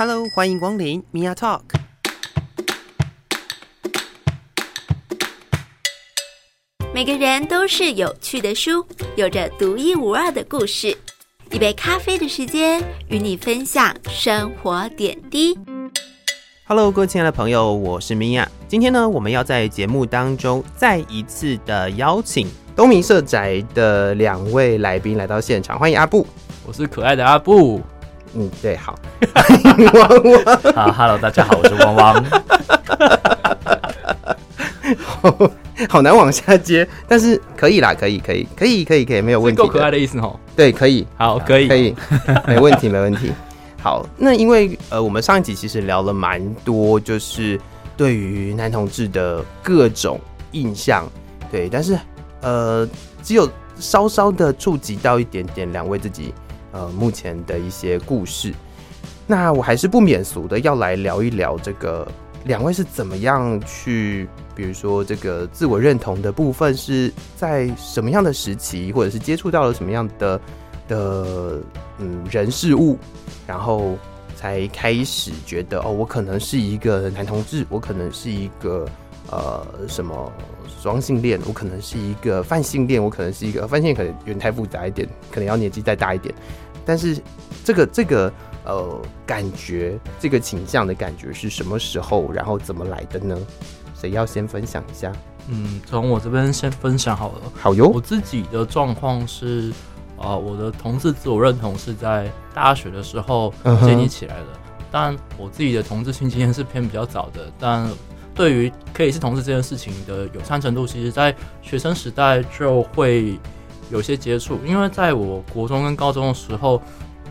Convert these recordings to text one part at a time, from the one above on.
Hello，歡迎光臨 Mia Talk。每個人都是有趣的書，有着獨一無二的故事。一杯咖啡的時間，與你分享生活點滴。Hello，各位親愛的朋友，我是 Mia。今天呢，我們要在節目當中再一次的邀請東明社宅的兩位來賓來到現場，歡迎阿布，我是可愛的阿布。嗯，對，好， 汪汪，Hello，大家好，我是汪汪 好，好難往下接，但是可以啦，可以，可以，可以，可以，可以，沒有問題，是夠可愛的意思、哦、對，可以，好，啊、可以，可以， 沒問題，沒問題，好，那因為呃，我們上一集其實聊了蠻多，就是對於男同志的各種印象，對，但是呃，只有稍稍的觸及到一點點，兩位自己。呃，目前的一些故事，那我還是不免俗的要來聊一聊這個兩位是怎麼樣去，比如說這個自我認同的部分是在什麼樣的時期，或者是接觸到了什麼樣的的嗯人事物，然後才開始覺得哦，我可能是一個男同志，我可能是一個。呃，什麼雙性戀？我可能是一個泛性戀，我可能是一個泛性戀，可能原太複雜一點，可能要年紀再大一點。但是這個這個呃，感覺這個傾向的感覺是什麼時候，然後怎麼來的呢？誰要先分享一下？嗯，從我這邊先分享好了。好喲。我自己的狀況是，啊、呃，我的同志自我認同是在大學的時候建立起來的、嗯，但我自己的同志性經驗是偏比較早的，但。對於可以是同事這件事情的友善程度，其實在學生時代就會有些接觸，因為在我國中跟高中的時候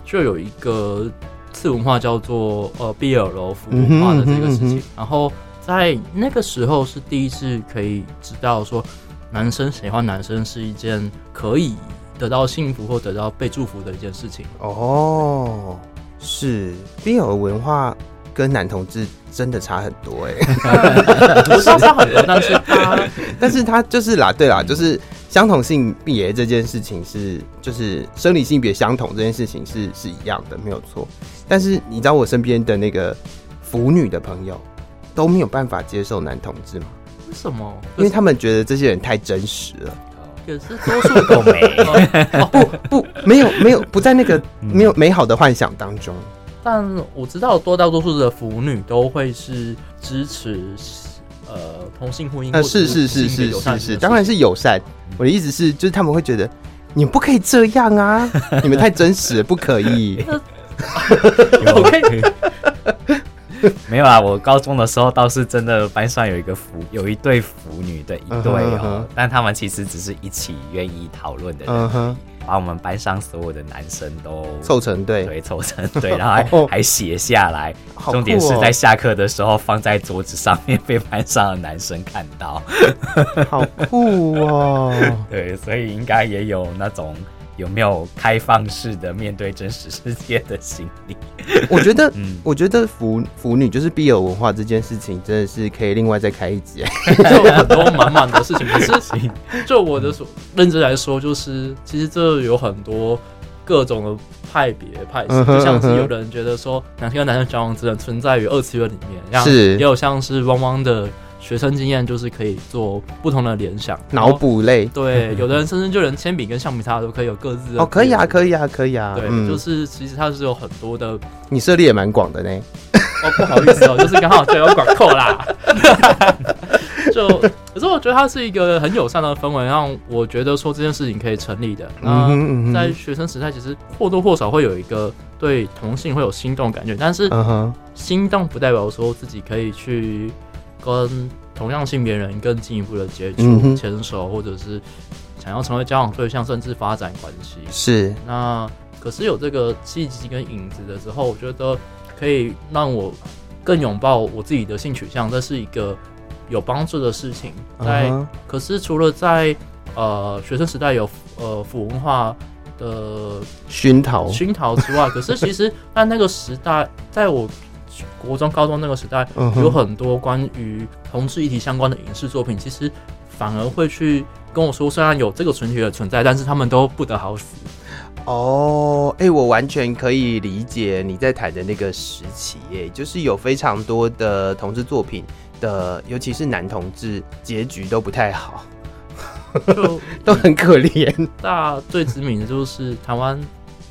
就有一個次文化叫做呃 BL 服務化的這個事情、嗯哼哼哼哼，然後在那個時候是第一次可以知道說男生喜歡男生是一件可以得到幸福或得到被祝福的一件事情哦，是 BL 文化。跟男同志真的差很多哎，不是差很多，但是 但是他就是啦，對啦，就是相同性別這件事情是，就是生理性別相同這件事情是是一樣的，沒有錯。但是你知道我身邊的那個腐女的朋友都沒有辦法接受男同志嗎？為什麼？因為他們覺得這些人太真實了，可是多數都沒 哦、不不沒有沒有不在那個沒有美好的幻想當中。但我知道多大多數的腐女都會是支持呃同性婚姻、啊、或是同性給友善性的事情，是是是是是，當然是友善、嗯。我的意思是，就是他們會覺得你不可以這樣啊， 你們太真實，不可以。 OK。 沒有啊，我高中的時候倒是真的班上有一個腐，有一對腐女的一對哦，uh -huh, uh -huh. 但他們其實只是一起願意討論的，人，uh -huh. 把我們班上所有的男生都湊成對，對湊成對，然後還寫、 哦、下來、哦，重點是在下課的時候放在桌子上面，被班上的男生看到，好酷哦， 對，所以應該也有那種。有沒有開放式的面對真實世界的心理？我覺得， 嗯、我覺得腐腐女就是必有文化這件事情，真的是可以另外再開一集，做 很多滿滿的事情的 事情。就我的所、嗯、認知來說，就是其實這有很多各種的派別派系，系、嗯嗯。就像是有人覺得說，男生跟男生交往只能存在於二次元裡面，是也有像是汪汪的。學生經驗就是可以做不同的聯想、腦補類，對，有的人甚至就連鉛筆跟橡皮擦都可以有各自哦，可以啊，可以啊，可以啊，對，嗯、就是其實它是有很多的，你涉獵也蠻廣的呢。哦，不好意思哦，就是剛好就 我廣闊啦， 就可是我覺得它是一個很友善的氛圍，讓我覺得說，這件事情可以成立的。呃、嗯哼嗯哼。在學生時代，其實或多或少會有一個對同性會有心動感覺，但是、嗯、心動不代表說自己可以去。跟同樣性別人更進一步的接觸、牽、嗯、手，或者是想要成為交往對象，甚至發展關係，是。那可是有這個契機跟影子的時候，我覺得可以讓我更擁抱我自己的性取向，這是一個有幫助的事情。嗯、在可是除了在呃學生時代有呃腐文化的熏陶熏陶之外，可是其實在 那個時代，在我。國中、高中那個時代，有很多關於同志議題相關的影視作品，嗯、其實反而會去跟我說，雖然有這個群體的存在，但是他們都不得好死。哦，哎、欸，我完全可以理解你在談的那個時期，哎，就是有非常多的同志作品的，尤其是男同志，結局都不太好，都 都很可憐。那、嗯、最知名的，就是台灣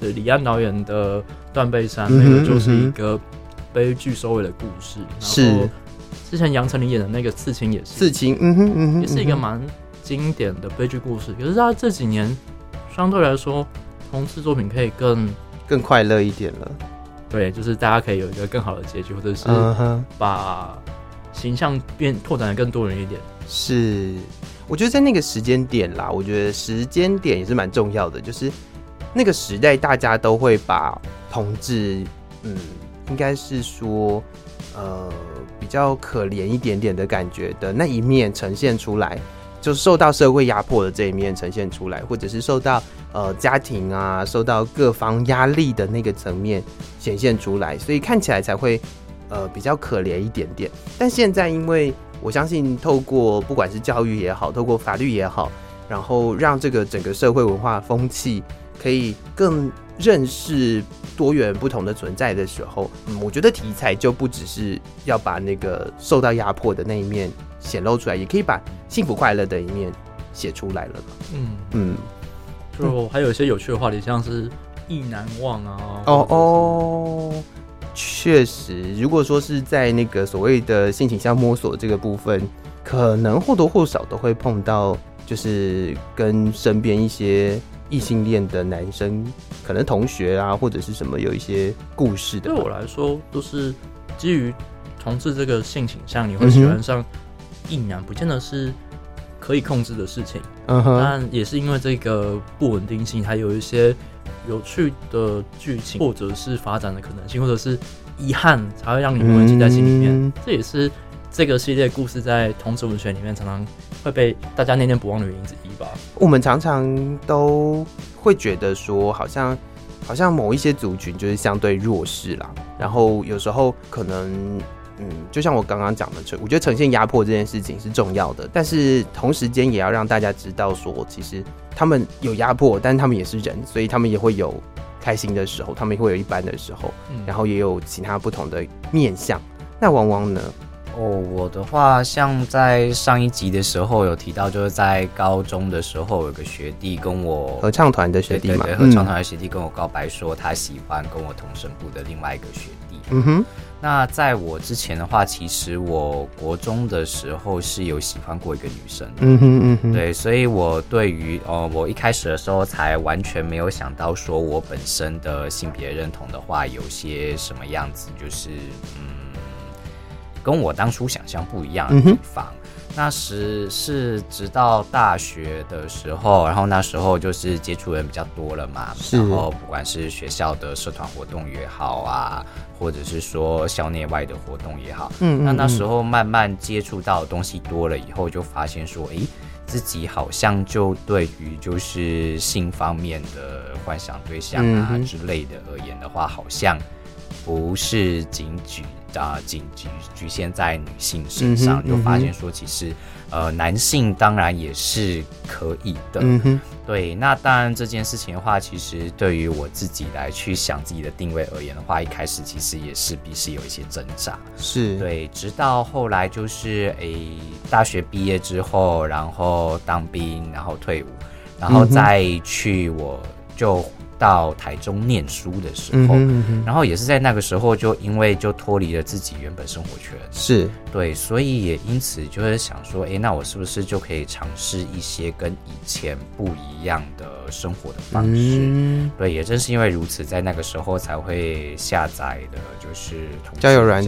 的李安導演的《斷背山》嗯哼嗯哼，那個就是一個。悲劇收尾的故事。是之前楊丞琳演的那個刺青，也是刺青，嗯哼，嗯哼，也是一個蠻經典的悲劇故事。嗯、可是他這幾年相對來說，同志作品可以更更快樂一點了。對，就是大家可以有一個更好的結局，或者是把形象變、uh -huh、拓展的更多元一點。是，我覺得在那個時間點啦，我覺得時間點也是蠻重要的。就是那個時代，大家都會把同志，嗯。應該是說，呃，比較可憐一點點的感覺的那一面呈現出來，就受到社會壓迫的這一面呈現出來，或者是受到呃家庭啊，受到各方壓力的那個層面顯現出來，所以看起來才會呃比較可憐一點點。但現在，因為我相信透過不管是教育也好，透過法律也好，然後讓這個整個社會文化風氣可以更認識多元不同的存在的時候，嗯，我覺得題材就不只是要把那個受到壓迫的那一面顯露出來，也可以把幸福快樂的一面寫出來了。嗯嗯，就還有一些有趣的話題，像是意難忘啊，嗯，哦哦，確實，如果說是在那個所謂的性傾向摸索這個部分，可能或多或少都會碰到。就是跟身邊一些異性戀的男生，可能同學啊，或者是什麼有一些故事的。對我來說，都、就是基於同志這個性傾向，你會喜歡上異男不見得是可以控制的事情。嗯哼，但也是因為這個不穩定性，還有一些有趣的劇情，或者是發展的可能性，或者是遺憾，才會讓你銘記在心裡面、嗯。這也是這個系列故事在同志文學裡面常常。會被大家念念不忘的原因之一吧。我們常常都會覺得說，好像好像某一些族群就是相對弱勢啦。然後有時候可能，嗯，就像我剛剛講的，我覺得呈現壓迫這件事情是重要的，但是同時間也要讓大家知道說，其實他們有壓迫，但他們也是人，所以他們也會有開心的時候，他們會有一般的時候，嗯、然後也有其他不同的面向。那往往呢？哦、oh，我的話，像在上一集的時候有提到，就是在高中的時候有個學弟跟我合唱團的學弟嘛。對對對，合唱團的學弟跟我告白說、嗯、他喜歡跟我同聲部的另外一個學弟。嗯哼，那在我之前的話，其實我國中的時候是有喜歡過一個女生的。嗯哼嗯哼，對，所以我對於哦、呃，我一開始的時候才完全沒有想到，說我本身的性別認同的話有些什麼樣子，就是嗯。跟我當初想象不一樣的地方，嗯，那時是直到大學的時候，然後那時候就是接觸人比較多了嘛。然後不管是學校的社團活動也好啊，或者是說校內外的活動也好。嗯，嗯，嗯，那那時候慢慢接觸到的東西多了以後，就發現說，哎、欸，自己好像就對於就是性方面的幻想對象啊之類的而言的話，嗯嗯，好像。不是僅局啊，僅局，呃、局，局限在女性身上，嗯、就發現說其實、嗯，呃，男性當然也是可以的。嗯、對，那當然這件事情的話，其實對於我自己來去想自己的定位而言的話，一開始其實也是彼此有一些掙扎。是對，直到後來就是誒，大學畢業之後，然後當兵，然後退伍，然後再去我、嗯、就。到台中念書的時候嗯嗯嗯嗯，然後也是在那個時候，就因為就脫離了自己原本生活圈，是對，所以也因此就是想說，哎、欸，那我是不是就可以嘗試一些跟以前不一樣的生活的方式、嗯？對，也正是因為如此，在那個時候才會下載的就是交友軟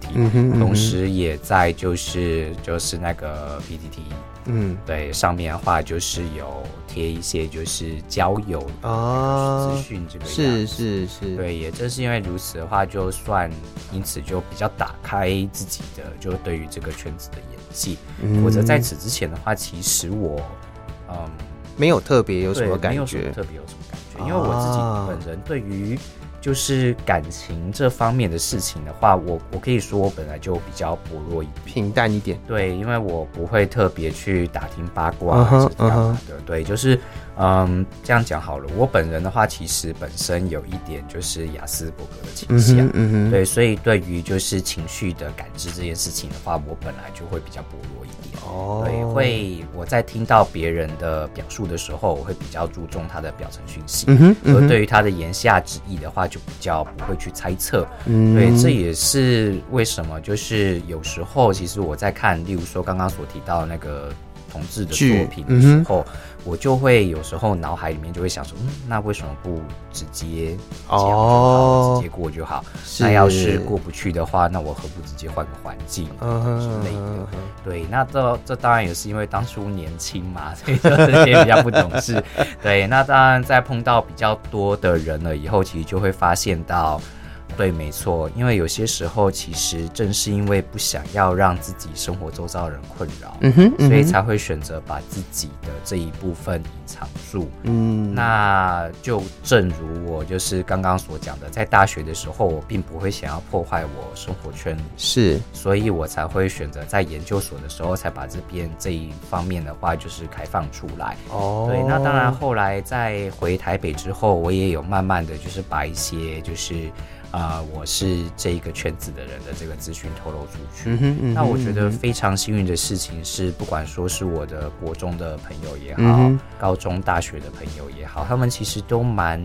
件，同時也在就是就是那個 PTT。嗯，對，上面的話就是有貼一些就是交友的資訊之類，是是是，對，也正是因為如此的話，就算因此就比較打開自己的，就對於這個圈子的眼界、嗯。或者在此之前的話，其實我嗯沒有特別有什麼感覺，沒有特別有什麼感覺，啊、因為我自己本人對於。就是感情這方面的事情的話，我我可以說我本來就比較薄弱一點，平淡一點。對，因為我不會特別去打聽八卦之類的。Uh-huh, uh-huh. 對，就是。嗯、um，這樣講好了。我本人的話，其實本身有一點就是亞斯伯格的傾向，嗯、mm -hmm，mm -hmm. 對，所以對於就是情緒的感知這件事情的話，我本來就會比較薄弱一點。哦、oh，對，會我在聽到別人的表述的時候，我會比較注重他的表層訊息，mm -hmm, mm -hmm. 而對於他的言下之意的話，就比較不會去猜測。嗯，對，這也是為什麼，就是有時候其實我在看，例如說剛剛所提到的那個。同志的作品的時候，嗯、我就會有時候腦海裡面就會想說，嗯，那為什麼不直接哦，直接過就好？那要是過不去的話，那我何不直接換個環境？嗯哼，之類的、嗯。對，那這這當然也是因為當初年輕嘛，所以就這些比較不懂事。 對，那當然在碰到比較多的人了以後，其實就會發現到。對，沒錯，因為有些時候其實正是因為不想要讓自己生活周遭人困擾、嗯哼，所以才會選擇把自己的這一部分隱藏住。嗯，那就正如我就是剛剛所講的，在大學的時候，我並不會想要破壞我生活圈，是，所以我才會選擇在研究所的時候才把這邊這一方面的話就是開放出來。哦，對，那當然，後來在回台北之後，我也有慢慢的就是把一些就是。啊、呃，我是這一個圈子的人的這個資訊透露出去，嗯嗯，那我覺得非常幸運的事情是，不管說是我的國中的朋友也好，嗯、高中、大學的朋友也好，他們其實都蠻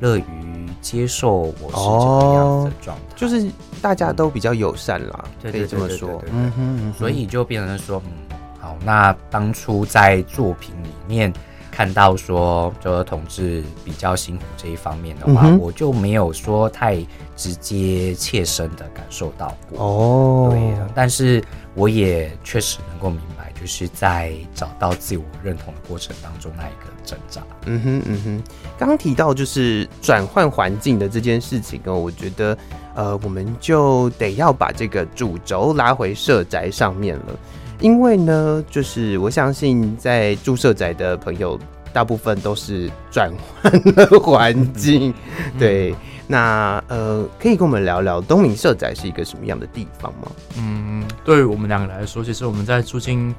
樂於接受我是這個樣子的狀態，哦，就是大家都比較友善啦，嗯，可以這麼說，對對對對對對對對嗯，嗯，所以就變成說，嗯，好，那當初在作品裡面。看到說，就說同志比較辛苦這一方面的話、嗯，我就沒有說太直接切身的感受到過。哦，對呀，但是我也確實能夠明白，就是在找到自我認同的過程當中那一個掙扎。嗯哼，嗯哼。剛提到就是轉換環境的這件事情，我覺得，呃，我們就得要把這個主軸拉回社宅上面了。因為呢，就是我相信在住社宅的朋友，大部分都是轉換的環境，嗯。對，嗯、那呃，可以跟我們聊聊東明社宅是一個什麼樣的地方嗎？嗯，對於我們兩個來說，其實我們在住進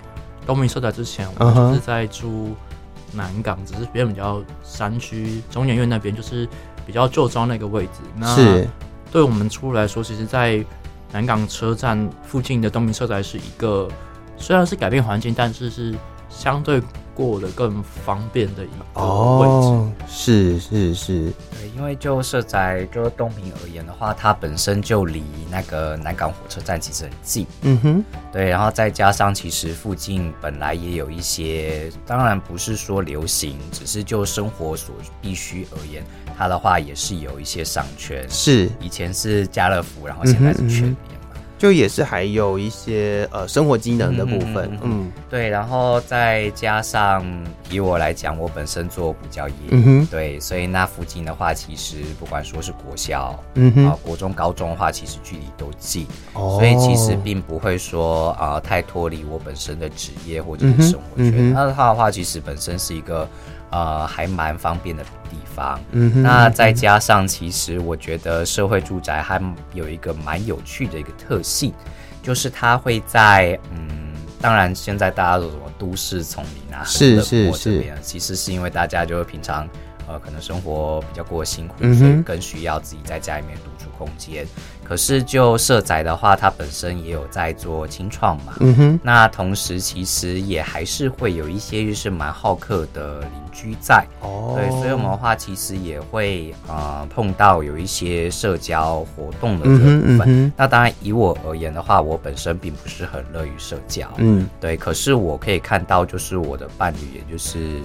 東明社宅之前，我們是在住南港，Uh-huh. 只是比較比較山區中研院那邊，就是比較舊莊那個位置。那是對我們出來說，其實，在南港車站附近的東明社宅是一個。雖然是改變環境，但是是相對過得更方便的一個位置。哦，是是是。對，因為就社宅，就東明而言的話，它本身就離那個南港火車站其實很近。嗯哼。對，然後再加上其實附近本來也有一些，當然不是說流行，只是就生活所必須而言，它的話也是有一些商圈。是。以前是家樂福，然後現在是全就也是還有一些呃生活機能的部分，嗯，嗯對，然後再加上以我來講，我本身做補教業、嗯，對，所以那附近的話，其實不管說是國小，嗯哼，然後國中、高中的話，其實距離都近，哦、所以其實並不會說啊、呃、太脫離我本身的職業或者是生活圈。那、嗯、它的話，其實本身是一個呃還蠻方便的地方，嗯，那再加上，其實我覺得社會住宅還有一個蠻有趣的一個特性，就是它會在，嗯，當然現在大家都什麼都市叢林啊，是是是，其實是因為大家就是平常，呃，可能生活比較過辛苦，所以更需要自己在家裡面獨處空間。嗯可是就社宅的話，它本身也有在做青創嘛。嗯哼。那同時其實也還是會有一些就是蠻好客的鄰居在。哦。對，所以我們的話其實也會呃碰到有一些社交活動的部分。嗯嗯。那當然以我而言的話，我本身並不是很樂於社交。嗯。對。可是我可以看到，就是我的伴侶也就是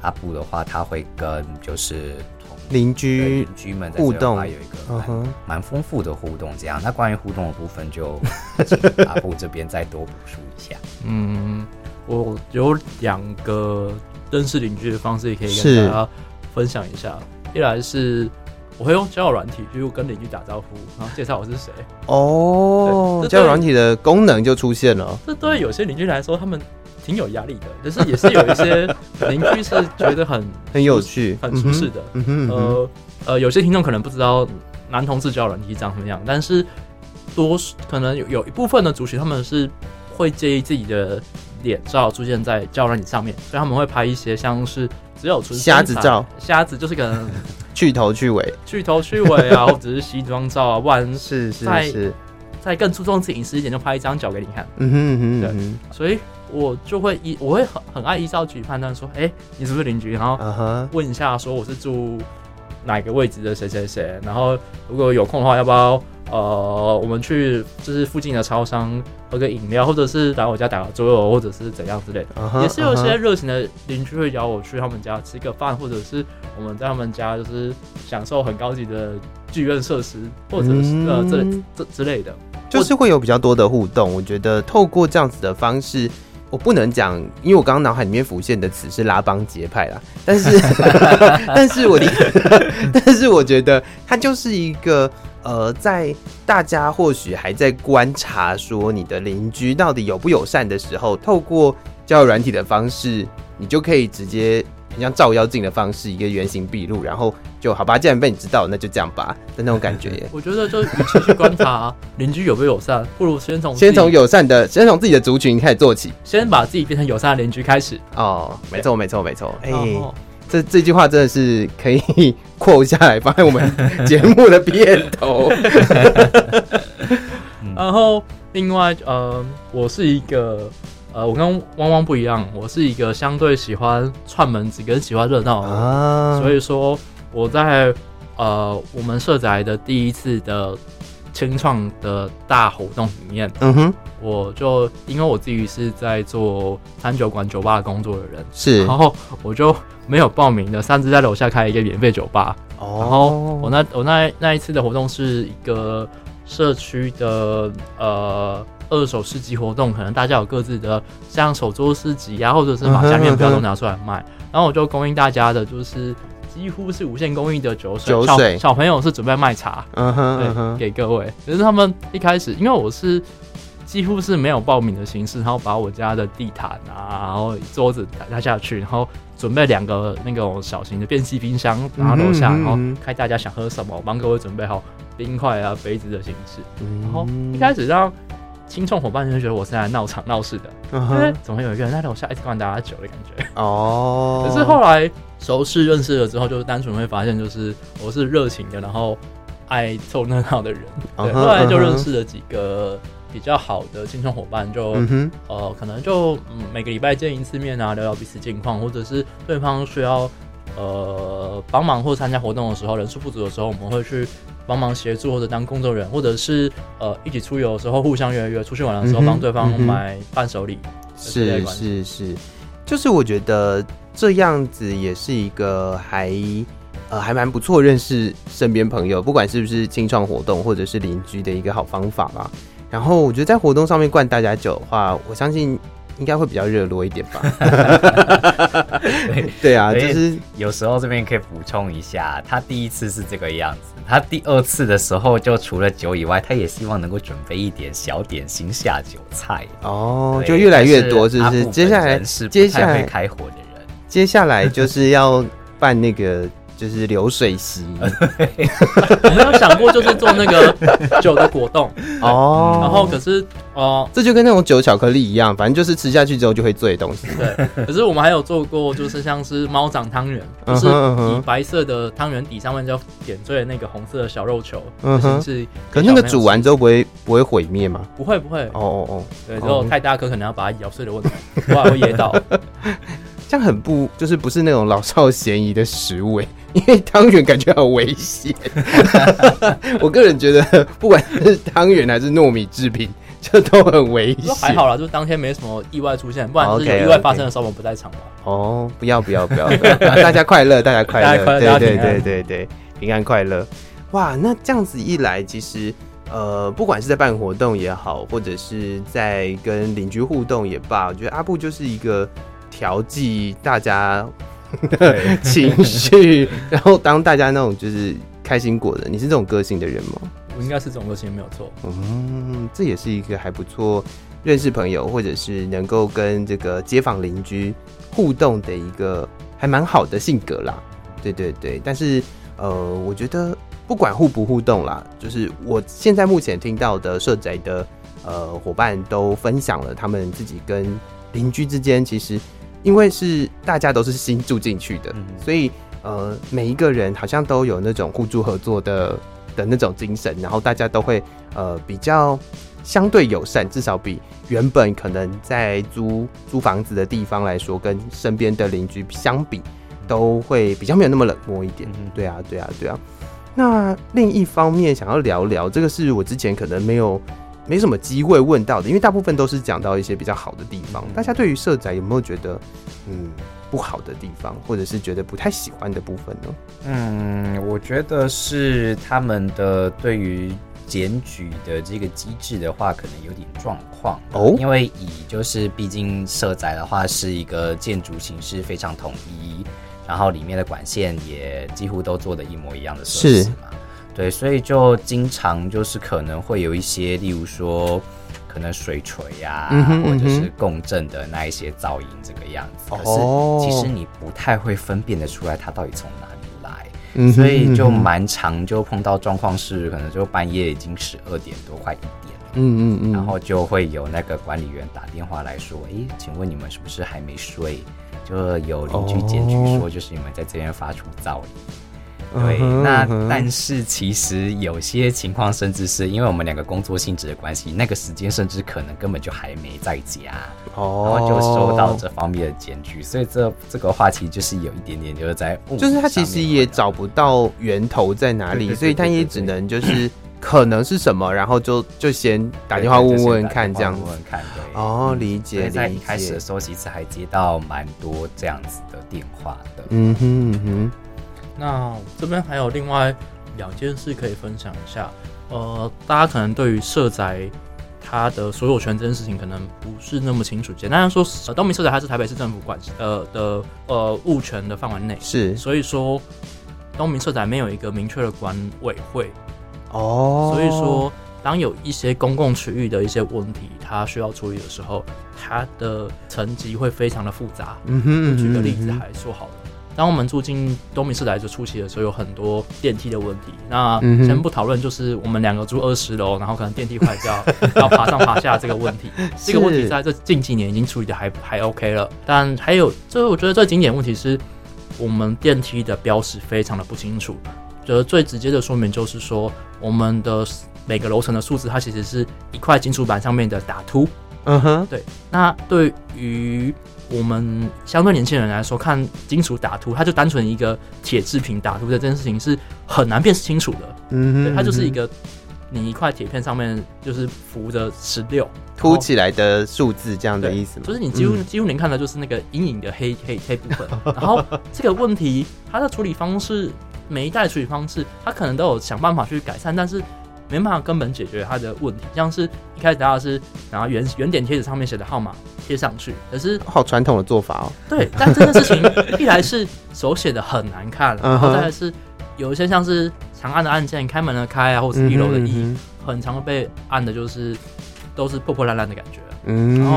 阿布的話，他會跟就是。鄰居鄰居們的互動還有一個蠻豐富的互動，這樣。Uh -huh. 那關於互動的部分，就阿布這邊再多補述一下。 嗯，我有兩個認識鄰居的方式，也可以跟大家分享一下。一來是、哎、我會用交友軟體，就跟鄰居打招呼，然後介紹我是誰。哦、oh,，交友軟體的功能就出現了。這對有些鄰居來說，他們。挺有壓力的，但是也是有一些鄰居是覺得很 很有趣、嗯、很舒適的。嗯嗯、呃呃，有些聽眾可能不知道男同志交友軟體長什麼樣，但是多可能有一部分的族群他們是會介意自己的臉照出現在交友軟體上面，所以他們會拍一些像是只有蝦子照，蝦子就是可能去頭去尾，去頭去尾啊， 或者是西裝照啊，萬事是是在更注重自己隱私一點，就拍一張腳給你看。嗯哼嗯哼，對，嗯、所以。我就會依，我會很很愛依照去判斷說，哎、欸，你是不是鄰居？然後問一下說，我是住哪個位置的誰誰誰。然後如果有空的話，要不要呃，我們去就是附近的超商喝個飲料，或者是來我家打個桌遊，或者是怎樣之類的。Uh -huh, 也是有些熱情的鄰居會邀我去他們家吃個飯，或者是我們在他們家就是享受很高級的劇院設施，或者是呃，這這、嗯、之類的，就是會有比較多的互動。我覺得透過這樣子的方式。我不能講，因為我剛剛腦海裡面浮現的詞是拉幫結派啦，但是， 但是我的， 但是我覺得它就是一個呃，在大家或許還在觀察說你的鄰居到底友不友善的時候，透過交友軟體的方式，你就可以直接。像照妖鏡的方式，一個原形畢露，然後就好吧。既然被你知道，那就這樣吧的那種感覺。 我覺得，就與其去觀察鄰、啊、 居有沒有友善，不如先從先從友善的，先從自己的族群開始做起、嗯，先把自己變成友善的鄰居開始。哦，沒錯，沒錯，沒錯。哎、欸，這這句話真的是可以扣下來，放在我們節目的片頭。然後，另外，嗯、呃，我是一個。呃，我跟汪汪不一樣，我是一個相對喜歡串門子、跟喜歡熱鬧、啊、所以說我在呃我們社宅的第一次的青創的大活動裡面，嗯哼，我就因為我自己是在做餐酒館、酒吧工作的人，是，然後我就沒有報名的，擅自在樓下開一個免費酒吧。哦，然後我那我那那一次的活動是一個社區的呃。二手市集活動，可能大家有各自的，像手作市集啊，或者是把下面標都拿出來賣，啊呵呵。然後我就供應大家的，就是幾乎是無限供應的酒水。酒水小小朋友是準備賣茶，嗯、啊、哼、對給各位。可是他們一開始，因為我是幾乎是沒有報名的形式，然後把我家的地毯啊，然後桌子拉下去，然後準備兩個那種小型的便攜冰箱，然後樓下，然後看大家想喝什麼，我幫各位準備好冰塊啊、杯子的形式。然後一開始讓。青創夥伴就覺得我是來鬧場鬧事的，因、uh、為 -huh. 欸、總會有一個人在樓下一直灌大家酒的感覺。哦、oh，可是後來熟識認識了之後，就單純會發現，就是我是熱情的，然後愛湊熱鬧的人 uh -huh, uh -huh. 對。後來就認識了幾個比較好的青創夥伴就，就、uh -huh. 呃，可能就、嗯、每個禮拜見一次面啊，聊聊彼此近況，或者是對方需要呃幫忙或參加活動的時候，人數不足的時候，我們會去。幫忙協助，或者當工作人，或者是呃一起出遊的時候互相約約，出去玩的時候幫、嗯、對方買伴手禮、嗯，是是是，是，就是我覺得這樣子也是一個還呃還蠻不錯認識身邊朋友，不管是不是青創活動或者是鄰居的一個好方法吧。然後我覺得在活動上面灌大家酒的話，我相信。應該會比較熱絡一點吧 對。對啊，就是有時候這邊可以補充一下，他第一次是這個樣子，他第二次的時候就除了酒以外，他也希望能夠準備一點小點心下酒菜哦，就越來越多是不是？就是接下來是接下來開火的人接，接下來就是要辦那個。就是流水席， 我 沒有想過就是做那個酒的果凍 哦、嗯，然後可是哦，這就跟那種酒巧克力一樣，反正就是吃下去之後就會醉的東西。對， 可是我們還有做過就是像是貓掌湯圓，就是米白色的湯圓底，上面就點綴那個紅色的小肉球，嗯是，是。可是那個煮完之後不會不會毀滅嗎？不會不會。哦哦哦，對，之、哦、後、嗯、太大顆可能要把它咬碎的問題，哇，我噎到。 這樣很不，就是不是那種老少咸宜的食物哎、欸，因為湯圓感覺很危險。 我個人覺得，不管是湯圓還是糯米製品，這都很危險。還好啦，就當天沒什麼意外出現，不然是有意外發生的時候，我們不在場哦、okay, okay. oh,，不要不要不要， 大家快樂， 大家快樂，對對對對對，平安快樂。哇，那這樣子一來，其實呃，不管是在辦活動也好，或者是在跟鄰居互動也罷，我覺得阿布就是一個。調劑大家 情緒，然後當大家那種就是開心果的，你是這種個性的人嗎？我應該是這種個性，沒有錯。嗯，這也是一個還不錯認識朋友，或者是能夠跟這個街坊鄰居互動的一個還蠻好的性格啦。對對對，但是呃，我覺得不管互不互動啦，就是我現在目前聽到的社宅的呃夥伴都分享了他們自己跟鄰居之間其實。因為是大家都是新住進去的，所以呃，每一個人好像都有那種互助合作的的那種精神，然後大家都會呃比較相對友善，至少比原本可能在租租房子的地方來說，跟身邊的鄰居相比，都會比較沒有那麼冷漠一點。對啊，對啊，對啊。那另一方面，想要聊聊這個是我之前可能沒有。沒什麼機會問到的，因為大部分都是講到一些比較好的地方。大家對於社宅有沒有覺得嗯不好的地方，或者是覺得不太喜歡的部分呢？嗯，我覺得是他們的對於檢舉的這個機制的話，可能有點狀況哦。因為以就是畢竟社宅的話是一個建築形式非常統一，然後裡面的管線也幾乎都做得一模一樣的設計。對，所以就經常就是可能會有一些，例如說，可能水錘呀、啊嗯，或者是共振的那一些噪音這個樣子，嗯。可是其實你不太會分辨得出來它到底從哪裡來，嗯、所以就蠻常就碰到狀況是，可能就半夜已經十二點多快一點了，嗯嗯，嗯，然後就會有那個管理員打電話來說，哎，請問你們是不是還沒睡？就有鄰居檢舉說，就是你們在這邊發出噪音。哦對，那但是其實有些情況，甚至是因為我們兩個工作性質的關係，那個時間甚至可能根本就還沒在家，oh. 然後就收到這方面的檢舉，所以這這個話題就是有一點點就是在，哦，就是他其實也找不到源頭在哪裡，對對對對對對，所以他也只能就是可能是什麼， 然後就就先打電話問問看，這樣子，哦，oh，理解，在一開始的時候，其實還接到蠻多這樣子的電話的，嗯哼嗯哼。那這邊還有另外兩件事可以分享一下。呃，大家可能對於社宅它的所有權這件事情可能不是那麼清楚。簡單來說，東明社宅它是台北市政府管呃的呃物權的範圍內，是。所以說，東明社宅沒有一個明確的管委會。哦。所以說，當有一些公共區域的一些問題，它需要處理的時候，它的層級會非常的複雜。嗯哼，嗯哼。舉個例子還說好。當我們住進東明社宅來就初期的時候，有很多電梯的問題。那先不討論，就是我們兩個住二十樓，然後可能電梯壞掉要爬上爬下這個問題。 這個問題在這近幾年已經處理的還還 OK 了。但還有，就我覺得最經典問題是我們電梯的標識非常的不清楚。覺得最直接的說明就是說，我們的每個樓層的數字，它其實是一塊金屬板上面的打凸。嗯哼，對。那對於我們相對年輕人來說，看金屬打凸，它就單純一個鐵製品打凸的這件事情是很難辨識清楚的。嗯哼，它就是一個、嗯、你一塊鐵片上面就是浮着十六凸起來的數字這樣的意思。就是你幾乎、嗯、幾乎能看到就是那個陰影的黑黑黑部分。然後這個問題它的處理方式，每一代處理方式，它可能都有想辦法去改善，但是。沒辦法根本解決它的問題，像是一開始大家是拿原原點貼紙上面寫的號碼貼上去，可是好傳統的做法哦。對，但這件事情 一來是手寫的很難看，啊，嗯，然後再來是有一些像是長按的按鍵，開門的開啊，或者是一樓的一、e, 嗯，很常被按的就是都是破破爛爛的感覺，嗯，然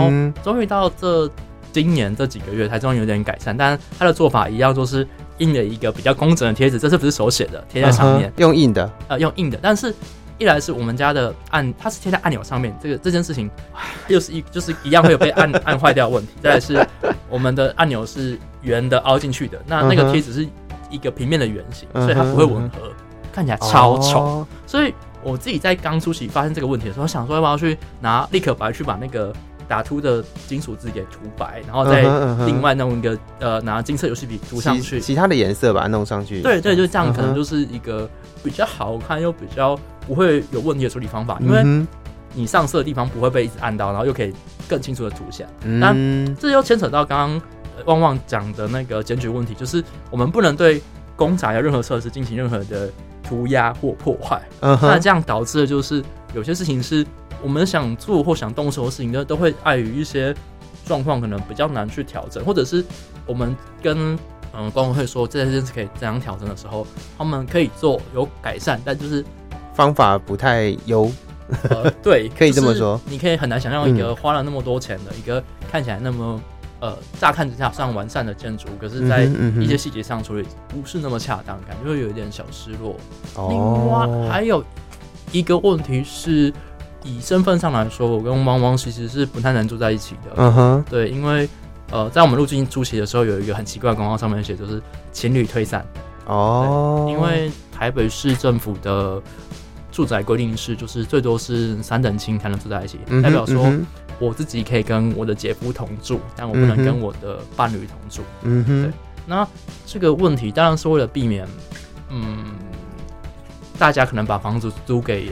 後終於到這今年這幾個月才終於有點改善，但他的做法一樣就是印了一個比較工整的貼紙，這是不是手寫的，貼在上面，嗯，用印的，呃，用印的，但是。一來是我們家的按，它是貼在按鈕上面，這個這件事情又是一就是一樣會有被按 按壞掉的問題。再來是我們的按鈕是圓的凹進去的，那那個貼紙是一個平面的圓形、嗯，所以它不會吻合、嗯，看起來超醜、哦。所以我自己在剛出席發現這個問題的時候，我想說要不要去拿立可白去把那個打凸的金屬字給塗白，然後再另外弄一個、嗯、呃拿金色油性筆塗上去，其，其他的顏色把它弄上去。對，對對，就這樣可能就是一個比較好看又比較。不會有問題的處理方法，因為你上色的地方不會被一直按到，然後又可以更清楚的凸顯。那、嗯、這又牽扯到剛剛、呃、汪汪講的那個檢舉問題，就是我們不能對公宅的任何設施進行任何的塗鴉或破壞。那、嗯、這樣導致的就是有些事情是我們想做或想動手的事情呢，都會礙於一些狀況，可能比較難去調整，或者是我們跟嗯管委會說這件事可以怎樣調整的時候，他們可以做有改善，但就是。方法不太優、呃，對， 可以這麼說。你可以很難想象一個花了那麼多錢的、嗯、一個看起來那麼呃，乍看之下非常完善的建築，可是在一些細節上處理不是那麼恰當感，感覺有一點小失落、哦。另外，還有一個問題是，以身份上來說，我跟汪汪其實是不太能住在一起的。嗯哼，對，因為呃，在我們入境租期的時候，有一個很奇怪的公告，上面寫就是情侶退散。哦，因為台北市政府的。住宅規定是，就是最多是三等親才能住在一起、嗯嗯。代表說我自己可以跟我的姐夫同住，嗯、但我不能跟我的伴侶同住。嗯哼。對。那這個問題當然是為了避免，嗯，大家可能把房子租給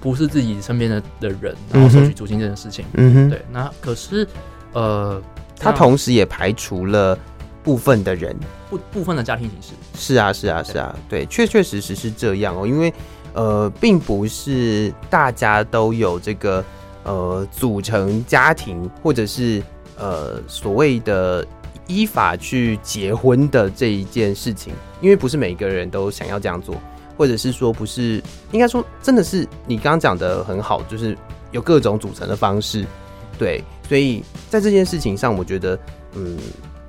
不是自己身邊的的人，然後收取租金這件事情嗯。嗯哼。對，那可是呃，他同時也排除了部分的人，部部分的家庭形式。是啊，是啊，是啊，對，確確實實是這樣哦、喔，因為。呃，並不是大家都有這個呃組成家庭，或者是呃所謂的依法去結婚的這一件事情，因為不是每個人都想要這樣做，或者是說，不是應該說真的是你剛剛講的很好，就是有各種組成的方式，對，所以在這件事情上，我覺得嗯，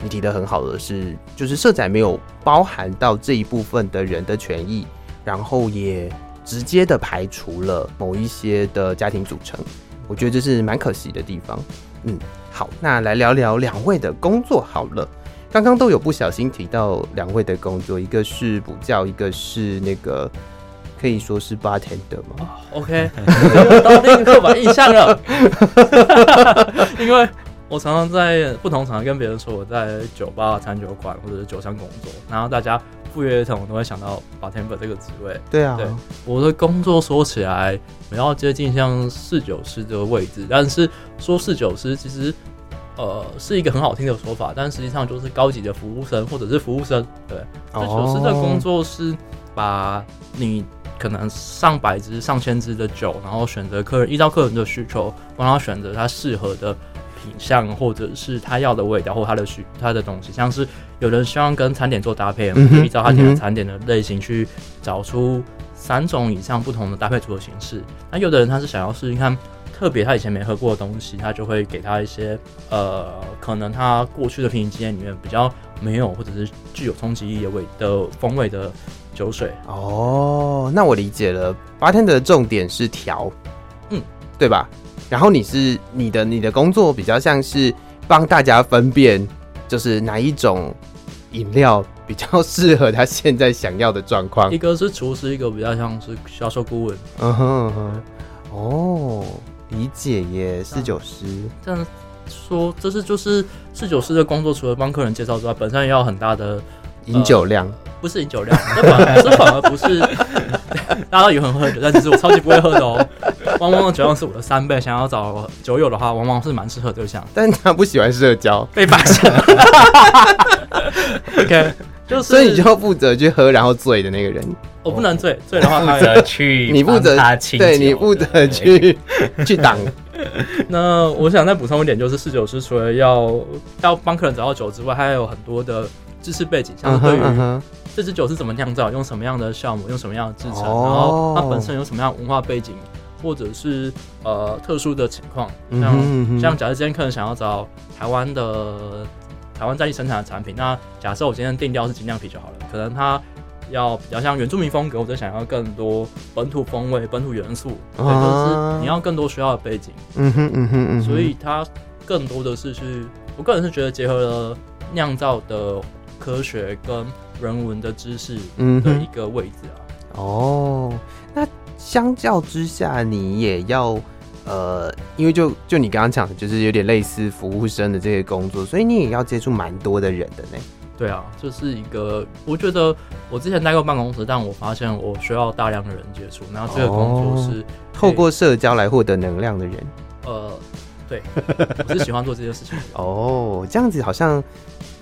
你提的很好的是，就是社宅沒有包含到這一部分的人的權益，然後也。直接的排除了某一些的家庭組成，我覺得這是蠻可惜的地方。嗯，好，那來聊聊兩位的工作好了。剛剛都有不小心提到兩位的工作，一個是補教，一個是那個可以說是 bartender 嗎？Oh,OK，到另一個刻板印象了。 因為我常常在不同場合跟別人說我在酒吧、餐酒館或者是酒商工作，然後大家。赴約場，我都會想到把天 r 這個職位。對啊，對我的工作說起來比較接近像侍酒師這個位置，但是說侍酒師其實呃是一個很好聽的說法，但實際上就是高級的服務生或者是服務生。對，侍酒師的工作是把你可能上百支、上千支的酒，然後選擇客人，依照客人的需求，幫他選擇他適合的。品相，或者是他要的味道，或他的需他，他的東西，像是有人希望跟餐點做搭配，嗯，依照他點的餐點的類型、嗯、去找出三種以上不同的搭配組合形式。那有的人他是想要試看特別他以前沒喝過的東西，他就會給他一些呃，可能他過去的品飲經驗裡面比較沒有或者是具有衝擊意味的風味的酒水。哦，那我理解了，八天的重點是調，嗯，對吧？然後你是你的你的工作比較像是幫大家分辨，就是哪一種飲料比較適合他現在想要的狀況。一個是廚師，一個比較像是銷售顧問。嗯哼哼，哦、oh,，理解耶，侍酒師。這樣說，這是就是侍酒師的工作，除了幫客人介紹之外，本身也要很大的飲酒量、呃，不是飲酒量，這反而不是。 大家都很會喝酒，但其實我超級不會喝的哦。汪汪的酒量是我的三倍，想要找酒友的話，汪汪是蠻適合的對象。但是他不喜歡社交，被發現了。 OK，就是、所以你就負責去喝，然後醉的那個人。我、哦、不能醉，醉的話他你負責去。你負責對你負責去去擋。 那我想再補充一點，就是侍酒師除了要要幫客人找到酒之外，還有很多的知識背景，像是對這支酒是怎麼釀造？用什麼樣的酵母？用什麼樣的制成、哦？然後它本身有什麼樣的文化背景，或者是呃特殊的情況？像嗯哼嗯哼像假設今天客人想要找台灣的台灣在地生產的產品，那假設我今天定調是精釀啤酒好了，可能它要比較像原住民風格，我就想要更多本土風味、本土元素，都是你要更多需要的背景。嗯哼嗯哼，嗯哼所以它更多的是去，我個人是覺得結合了釀造的科學跟。人文的知識，嗯，的一個位置啊。哦、嗯，oh, 那相較之下，你也要呃，因為就就你剛剛講的，就是有點類似服務生的這個工作，所以你也要接觸蠻多的人的呢。對啊，這、就是一個，我覺得我之前待過辦公室，但我發現我需要大量的人接觸，然後這個工作是可、oh, 透過社交來獲得能量的人。呃，對，我是喜歡做這些事情。哦，這樣子好像。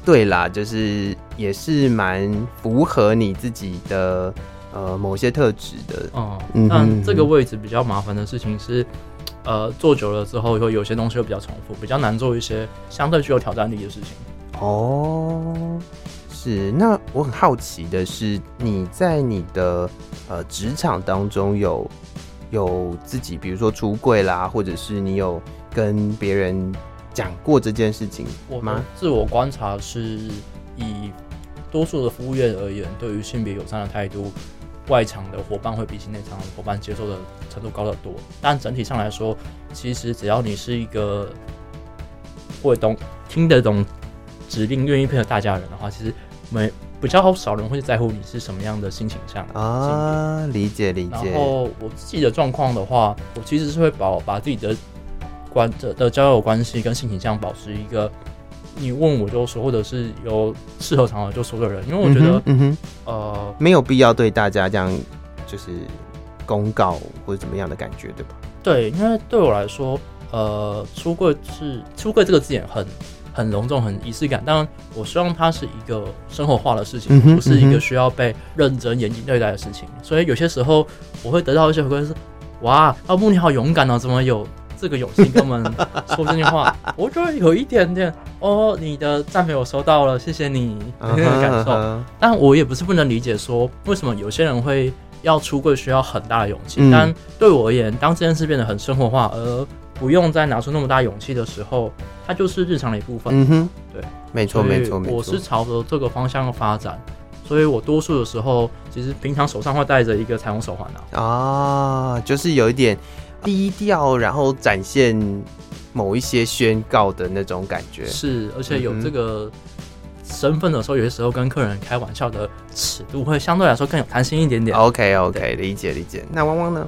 對啦，就是也是蠻符合你自己的呃某些特質的哦、嗯。但這個位置比較麻煩的事情是，呃，做久了之後會有些東西會比較重複，比較難做一些相對具有挑戰力的事情。哦，是。那我很好奇的是，你在你的呃職場當中有有自己，比如說出櫃啦，或者是你有跟別人？講過這件事情嗎？我自我觀察是，以多數的服務員而言，對於性別友善的態度，外場的夥伴會比起內場的夥伴接受的程度高得多。但整體上來說，其實只要你是一個會懂、聽得懂、指令願意配合大家人的話，其實沒比較少人會在乎你是什麼樣的心情上啊。理解理解。然後我自己的狀況的話，我其實是會把把自己的。關的的交友關係跟性傾向保持一個，你問我就說，或者是有適合場合就說的人，因為我覺得嗯，嗯哼，呃，沒有必要對大家這樣就是公告或者怎麼樣的感覺，對吧？對，因為對我來說，呃，出櫃是出櫃這個字眼很很隆重、很儀式感。但，我希望它是一個生活化的事情，嗯嗯、不是一個需要被認真嚴謹對待的事情。所以有些時候我會得到一些回饋是，哇，阿布你好勇敢哦，怎麼有這個勇氣跟我們說這句話， 我覺得有一點點哦，你的讚美我收到了，謝謝你。Uh -huh, 呵呵的感受，uh -huh. 但我也不是不能理解說，說為什麼有些人會要出櫃需要很大的勇氣，嗯，但對我而言，當這件事變得很生活化，而不用再拿出那麼大勇氣的時候，它就是日常的一部分。嗯哼，對，沒錯沒錯沒錯，我是朝着這個方向發展，所以我多數的時候其實平常手上會帶着一個彩虹手環啊，啊就是有一點。低調，然後展現某一些宣告的那種感覺。是，而且有這個身份的時候，嗯、有些時候跟客人開玩笑的尺度會相對來說更有彈性一點點。OK，OK、okay, okay, 理解理解。那汪汪呢？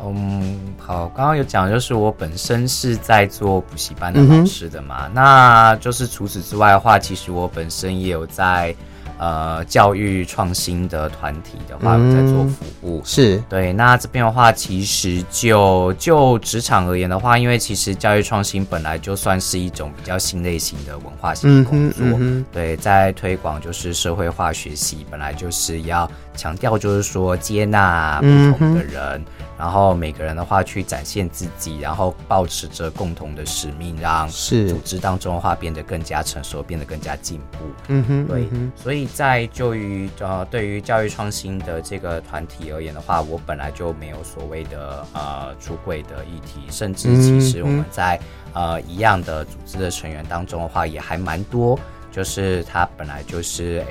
嗯，好，剛剛有講，就是我本身是在做補習班的老師的嘛，嗯，那就是除此之外的話，其實我本身也有在。呃，教育創新的團體的話，嗯、在做服務是對。那這邊的話，其實就就職場而言的話，因為其實教育創新本來就算是一種比較新類型的文化型工作，嗯嗯。對，在推廣就是社會化學習，本來就是要強調就是說接納不同的人。嗯然後每個人的話去展現自己，然後抱持着共同的使命，讓組織當中的話變得更加成熟，變得更加進步。嗯哼，對。嗯、所以在就於呃，對於教育創新的這個團體而言的話，我本來就沒有所謂的呃出櫃的議題，甚至其實我們在、嗯、呃一樣的組織的成員當中的話，也還蠻多。就是他本來就是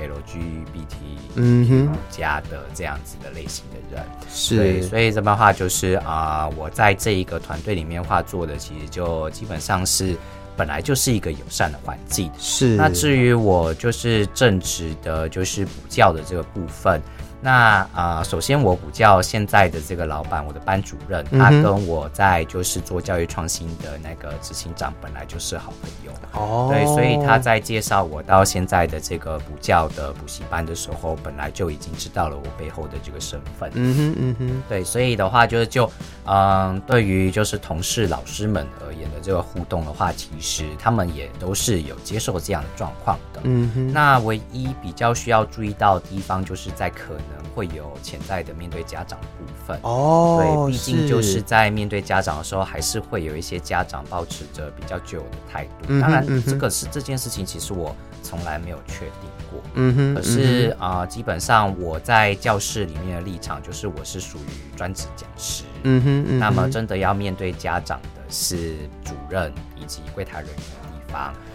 LGBT 家的這樣子的類型的人，是、嗯，所以這邊的話就是啊、呃，我在這一個團隊裡面畫作的話，做的其實就基本上是本來就是一個友善的環境，是。那至於我就是正職的，就是補教的這個部分。那啊、呃，首先我補教現在的這個老闆，我的班主任、嗯，他跟我在就是做教育創新的那個執行長，本來就是好朋友。哦，對，所以他在介紹我到現在的這個補教的補習班的時候，本來就已經知道了我背後的這個身份。嗯哼嗯哼，對，所以的話就是就嗯，對於就是同事老師們而言的這個互動的話，其實他們也都是有接受這樣的狀況的。嗯哼，那唯一比較需要注意到的地方，就是在可。可能會有潛在的面對家長的部分哦，oh, 對，畢竟就是在面對家長的時候，是還是會有一些家長抱持著比較舊的態度。Mm -hmm. 當然，這個是、mm -hmm. 這件事情，其實我從來沒有確定過。嗯哼，可是啊、mm -hmm. 呃，基本上我在教室裡面的立場就是我是屬於專職講師。嗯哼，那麼真的要面對家長的是主任以及櫃檯人員。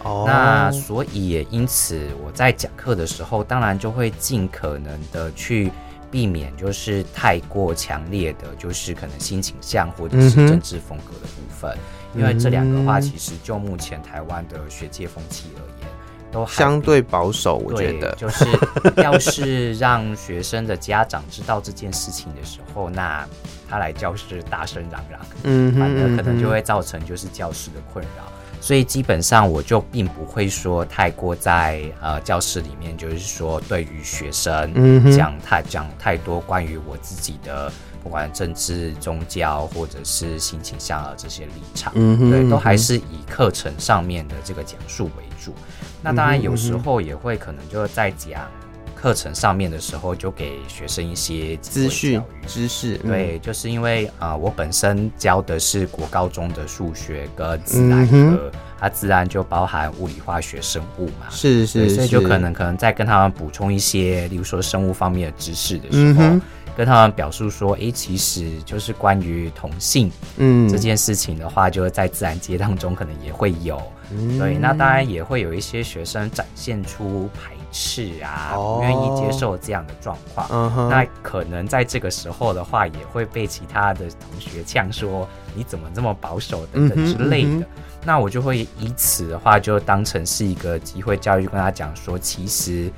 Oh. 那所以因此我在講課的時候，當然就會盡可能的去避免，就是太過強烈的，就是可能性傾向或者是政治風格的部分，mm -hmm. 因為這兩個話其實就目前台灣的學界風氣而言，都相對保守。嗯對。我覺得，就是要是讓學生的家長知道這件事情的時候， 那他來教室大聲嚷嚷，嗯、mm -hmm.，可能可能就會造成就是教室的困擾。所以基本上我就並不會說太過在呃教室裡面，就是說，對於學生講太講太多關於我自己的，不管政治、宗教或者是性傾向這些立場，嗯，對，都還是以課程上面的這個講述為主。嗯，那當然有時候也會可能就是在講。課程上面的時候，就給學生一些資訊、知識、嗯。對，就是因為啊、呃，我本身教的是國高中的數學跟自然科、嗯、它自然就包含物理、化學、生物嘛。是是，是，是，所以就可能可能再跟他們補充一些，例如說生物方面的知識的時候，嗯、跟他們表述說，哎、欸，其實就是關於同性嗯這件事情的話，就是在自然界當中可能也會有。所、嗯、以那當然也會有一些學生展現出。是啊，不願意接受這樣的狀況。Oh. Uh -huh. 那可能在這個時候的話，也會被其他的同學嗆說：“你怎麼這麼保守？”等等之類的。Mm -hmm. 那我就會以此的話，就當成是一個機會教育，跟他講說：“其實，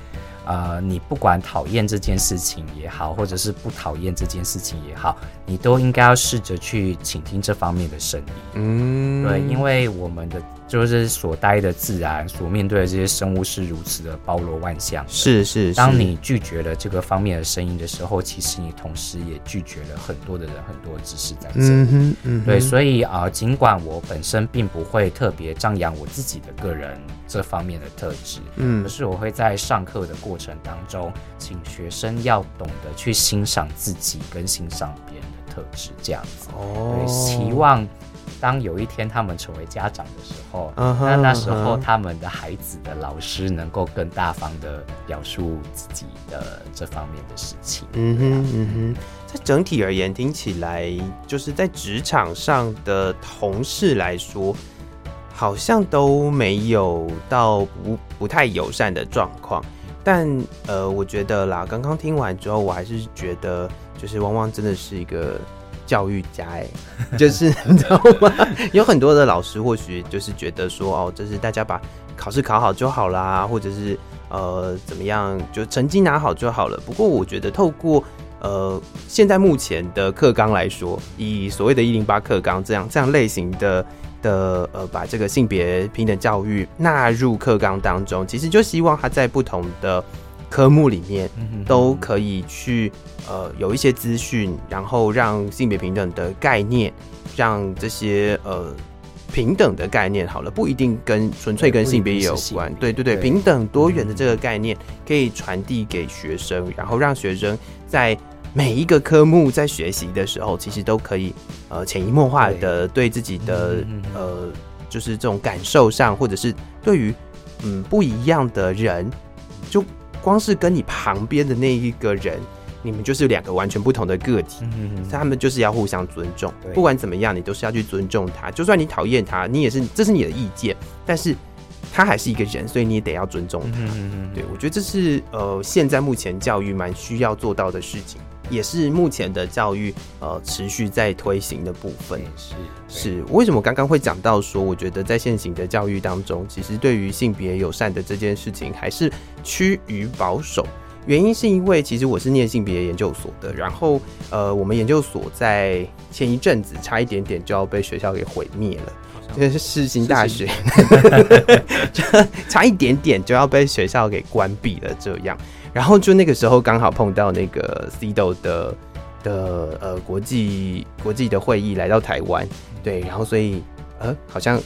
呃，你不管討厭這件事情也好，或者是不討厭這件事情也好，你都應該要試着去傾聽這方面的聲音。”嗯、mm -hmm.，對，因為我們的。就是所待的自然，所面對的這些生物是如此的包羅萬象。是是，是，當你拒絕了這個方面的聲音的時候，其實你同時也拒絕了很多的人、很多的知識在這裡。嗯，嗯，對。所以啊，呃，儘管我本身並不會特別張揚我自己的個人這方面的特質，嗯，可是我會在上課的過程當中，請學生要懂得去欣賞自己跟欣賞別人的特質，這樣子。哦，對，希望。當有一天他們成為家長的時候，uh-huh, 那那時候他們的孩子的老師能夠更大方的表述自己的這方面的事情。嗯哼、啊，嗯哼，在整體而言聽起來，就是在職場上的同事來說，好像都沒有到不不太友善的狀況。但呃，我覺得啦，剛剛聽完之後，我還是覺得，就是汪汪真的是一個。教育家，哎，就是你知道嗎？ 對對對 有很多的老師或許就是覺得說，哦，就是大家把考試考好就好啦，或者是呃怎麼樣，就成績拿好就好了。不過我覺得，透過呃現在目前的課綱來說，以所謂的“一零八課綱”這樣這樣類型的的呃，把這個性別平等教育納入課綱當中，其實就希望它在不同的。科目裡面，都可以去呃有一些資訊，然後讓性別平等的概念，讓這些呃平等的概念好了，不一定跟純粹跟性別有關，對對對，對，對，平等多元的這個概念可以傳遞給學生，然後讓學生在每一個科目在學習的時候，其實都可以呃潛移默化的對自己的呃就是這種感受上，或者是對於嗯不一樣的人就。光是跟你旁邊的那一個人，你們就是兩個完全不同的個體，嗯哼哼，他們就是要互相尊重。不管怎麼樣，你都是要去尊重他，就算你討厭他，你也是這是你的意見，但是他還是一個人，所以你也得要尊重他。嗯，哼哼哼，對，我覺得這是呃，現在目前教育蠻需要做到的事情。也是目前的教育，呃持續在推行的部分是。是我為什麼剛剛會講到說，我覺得在現行的教育當中，其實對於性別友善的這件事情還是趨於保守。原因是因為其實我是念性別研究所的，然後呃，我們研究所在前一陣子差一點點就要被學校給毀滅了，這是世新大學， 差一點點就要被學校給關閉了這樣。然後就那個時候剛好碰到那個 CEDAW 的的呃國際國際的會議來到台灣，對，然後所以呃好像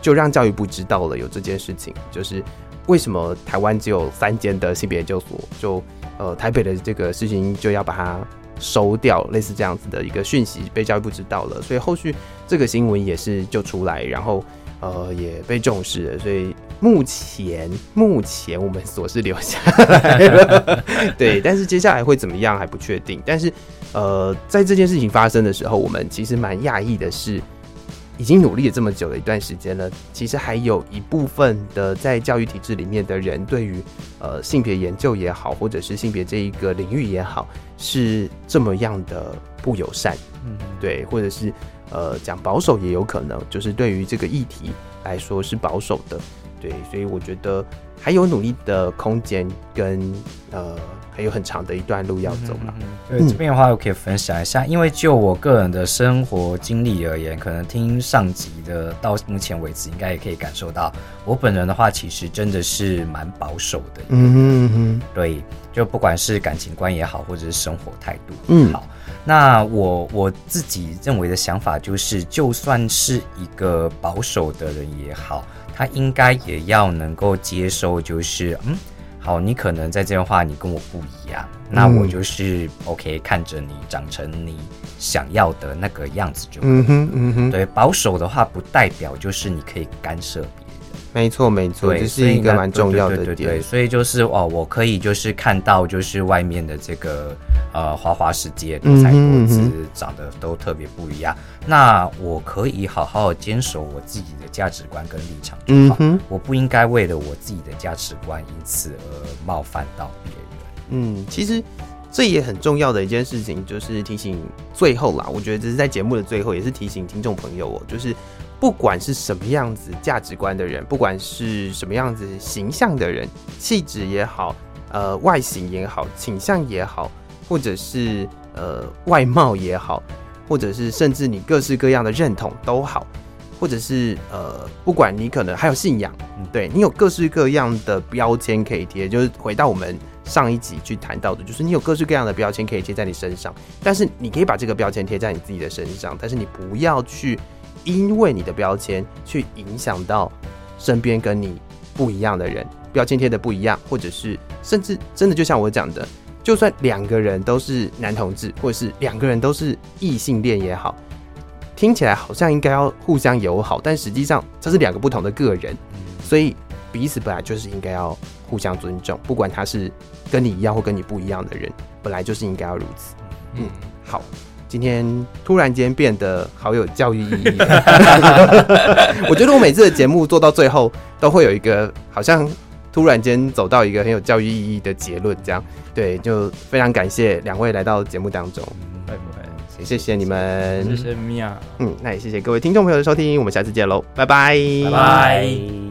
就讓教育部知道了有這件事情，就是為什麼台灣只有三間的性別研究所，就呃台北的這個事情就要把它收掉，類似這樣子的一個訊息被教育部知道了，所以後續這個新聞也是就出來，然後呃也被重視了，所以。目前，目前我們所是留下來了。 對，但是接下來會怎麼樣還不確定。但是，呃，在這件事情發生的時候，我們其實蠻訝異的是，已經努力了這麼久的一段時間了，其實還有一部分的在教育體制裡面的人對，對於呃性別研究也好，或者是性別這一個領域也好，是這麼樣的不友善，嗯，對，或者是呃講保守也有可能，就是對於這個議題來說是保守的。對，所以我覺得還有努力的空間跟，跟呃，還有很長的一段路要走嘛、嗯。對，這邊的話我可以分享一下、嗯，因為就我個人的生活經歷而言，可能聽上集的到目前為止，應該也可以感受到，我本人的話其實真的是蠻保守的。嗯嗯嗯。對，就不管是感情觀也好，或者是生活態度，嗯，好。那我我自己認為的想法就是，就算是一個保守的人也好。他應該也要能夠接受，就是嗯，好，你可能在這段話你跟我不一樣，嗯，那我就是 OK，看着你長成你想要的那個樣子就嗯哼嗯哼，對，保守的話不代表就是你可以干涉。沒錯，沒錯，沒錯，這是一個蠻重要的點。對，對，對，對，對，對，所以就是哦，我可以就是看到，就是外面的這個呃花花世界，嗯嗯嗯，長得都特別不一樣。那我可以好好堅守我自己的價值觀跟立場就好。嗯哼。我不應該為了我自己的價值觀，因此而冒犯到別人。嗯，其實這也很重要的一件事情，就是提醒最後啦。我覺得這是在節目的最後，也是提醒聽眾朋友哦，就是。不管是什麼樣子價值觀的人，不管是什麼樣子形象的人，氣質也好，呃，外形也好，傾向也好，或者是呃外貌也好，或者是甚至你各式各樣的認同都好，或者是呃，不管你可能還有信仰，對你有各式各樣的標籤可以貼，就是回到我們上一集去談到的，就是你有各式各樣的標籤可以貼在你身上，但是你可以把這個標籤貼在你自己的身上，但是你不要去。因為你的標籤去影響到身邊跟你不一樣的人，標籤貼的不一樣，或者是甚至真的就像我講的，就算兩個人都是男同志，或者是兩個人都是異性戀也好，聽起來好像應該要互相友好，但實際上這是兩個不同的個人，所以彼此本來就是應該要互相尊重，不管他是跟你一樣或跟你不一樣的人，本來就是應該要如此。嗯，好。今天突然間變得好有教育意義， 我覺得我每次的節目做到最後都會有一個好像突然間走到一個很有教育意義的結論，這樣。對，就非常感謝兩位來到節目當中，拜、嗯、拜，謝謝你們，謝謝米婭，嗯，那也謝謝各位聽眾朋友的收聽，我們下次見嘍，拜拜，拜拜。